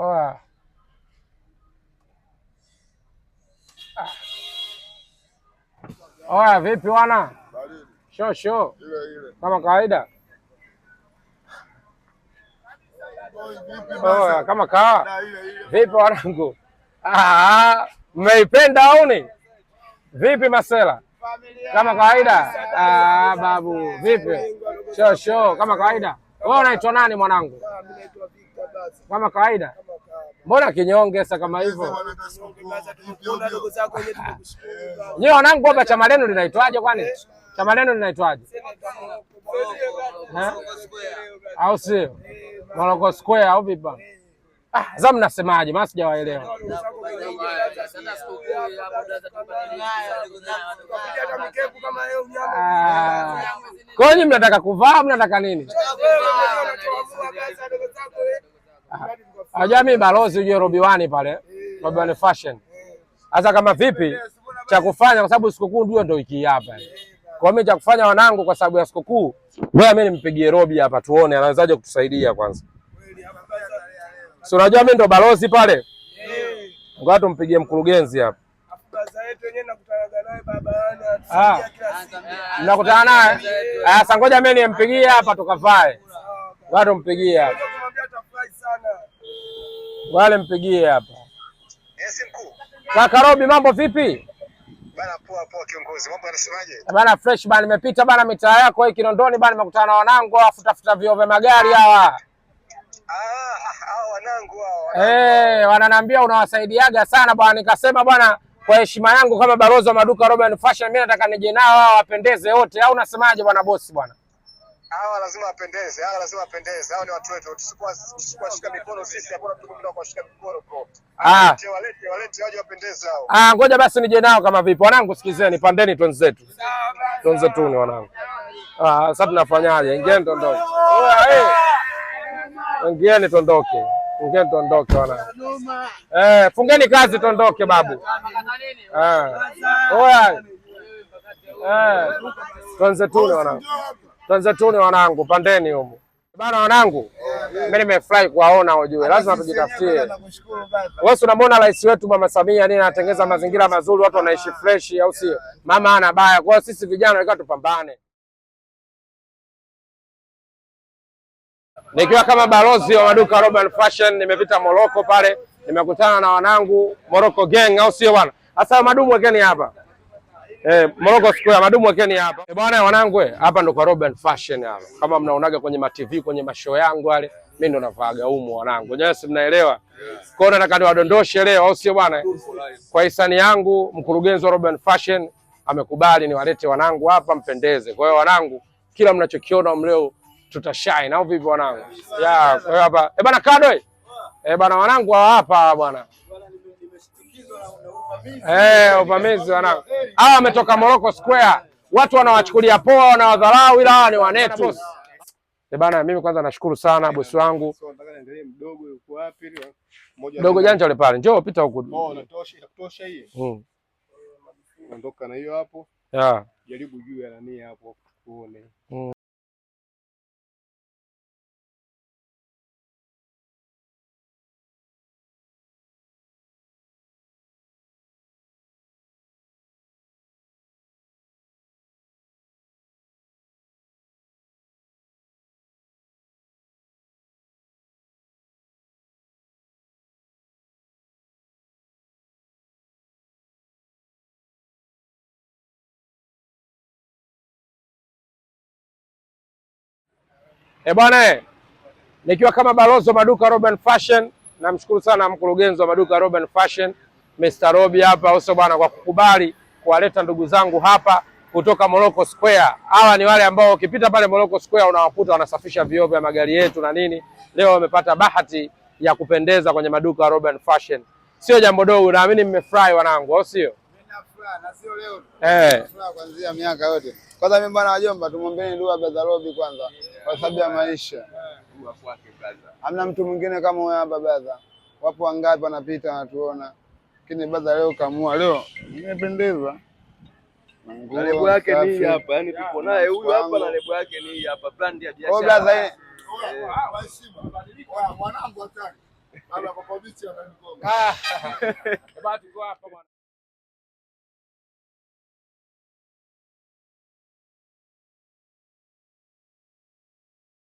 Ah. Oya, vipi wana? Sho sho. Kama kawaida. Oya, kama kawa. Vipi wanangu? Ah, mmeipenda au ni? Vipi Masela? Kama kawaida. Ah, babu, vipi? Sho sho, kama kawaida. Wewe unaitwa nani mwanangu? Ah, kama kawaida. Mbona kinyonge sasa kama yaani hivyo? Nyewe wanangu hapa chama lenu linaitwaje kwani? Eh? Chama lenu linaitwaje? Au sio? Eh, Morogoro Square au vipi eh. Ah, za mnasemaje? Maana sijawaelewa. Ah. Kwa nini mnataka kuvaa, mnataka nini? Unajua mimi balozi ujue Robi Wani pale, eh, Robi Wani eh, fashion. Eh. Sasa kama vipi cha kufanya kwa sababu sikukuu ndio ndio iki hapa. Kwa mimi cha kufanya wanangu kwa sababu ya sikukuu, ngoja mimi nimpigie Robi hapa tuone anawezaje kutusaidia kwanza. Si unajua mimi ndo balozi pale. Ngoja tumpigie mkurugenzi hapa. Nakutana naye. Ah. Sasa ngoja mimi nimpigie hapa tukavae. Ngoja tumpigie hapa. Wale mpigie hapa. Yes, mkuu. Kaka Robi mambo vipi? Bana poa poa kiongozi. Mambo yanasemaje? Bana fresh bana, nimepita bana mitaa yako hii Kinondoni bana, nimekutana na wanangu afu tafuta vioo vya magari hawa. Ah, ah, ah wanangu hao. Eh, wananiambia unawasaidiaga sana bwana, nikasema bwana kwa heshima yangu kama balozi wa maduka Roban Fashion, mimi nataka nije nao wapendeze wote, au unasemaje bwana bosi bwana? hawa lazima wapendeze, hawa lazima wapendeze, hawa ni watu wetu. Tusikuwashika mikono sisi, hakuna mtu mwingine kuwashika mikono bro. Ah, walete walete, waje wapendeze hao. Ah, ngoja basi nije nao kama vipi. Wanangu, sikizeni, pandeni twenzi zetu, twenzi zetu ni wanangu. Ah, sasa tunafanyaje? Ingieni tuondoke, eh. ingieni tuondoke, ingieni tuondoke wanangu. Eh, fungeni kazi tuondoke, babu. Ah, oya, eh, twenzi zetu ni wanangu. Tanzatuni wanangu, pandeni humu bana wanangu, mimi nimefurahi kuwaona ujue, lazima tujitafutie. Wewe unamwona rais wetu mama Samia nini anatengeza mazingira mazuri, watu wanaishi fresh, au sio? Mama ana baya. Kwa hiyo sisi vijana lazima tupambane. Nikiwa kama balozi wa maduka Robin Fashion, nimepita Morocco pale, nimekutana na wanangu Morocco gang, au sio bwana? Sasa madumu wekeni hapa. Eh, Morocco Square madumu wake ni hapa. Eh, bwana wanangu, eh, hapa ndo kwa Robin Fashion hapa. Kama mnaonaga kwenye ma TV kwenye mashow yangu wale, mimi ndo navaaga humo wanangu. Nyewe si mnaelewa. Kwa hiyo nataka niwadondoshe leo au sio bwana? Eh? Kwa hisani yangu mkurugenzi wa Robin Fashion amekubali niwalete wanangu hapa mpendeze. Kwa hiyo wanangu, kila mnachokiona leo tutashine au vipi wanangu? Ya, kwa hiyo hapa eh bwana Kado. Eh, eh bwana wanangu hapa bwana. Eh, upamizi wanangu hawa wametoka Morocco Square, watu wanawachukulia poa, wanawadharau, ila hawa ni wanetu. Eh, bana, mimi kwanza nashukuru sana bosi wangu dogo janja yule pale, njoo pita huku. Oh, hmm. na hiyo hapo, jaribu juu ya hapo tuone. Hmm. E bwana, eh, nikiwa kama balozi wa maduka Robin Fashion, namshukuru sana mkurugenzi wa maduka Robin Fashion Mr. Robi hapa uso bwana, kwa kukubali kuwaleta ndugu zangu hapa kutoka Morocco Square. Hawa ni wale ambao ukipita pale Morocco Square unawakuta wanasafisha vioo vya magari yetu na nini. Leo wamepata bahati ya kupendeza kwenye maduka Robin Fashion. Sio jambo dogo, naamini mmefurahi wanangu, au sio? Na sio leo. Eh. Kuanzia miaka yote. Kwanza mimi bwana wajomba, tumwombeni dua brother Robi kwanza kwa sababu ya maisha. Hamna mtu mwingine kama huyo hapa brother. Wapo wangapi wanapita wanatuona, lakini badha leo kamua, leo nimependeza lebo yake ni hii hapa, yani naye huyu hapa na lebo yake ni hii hapa, brand ya oh, biashara. Eh.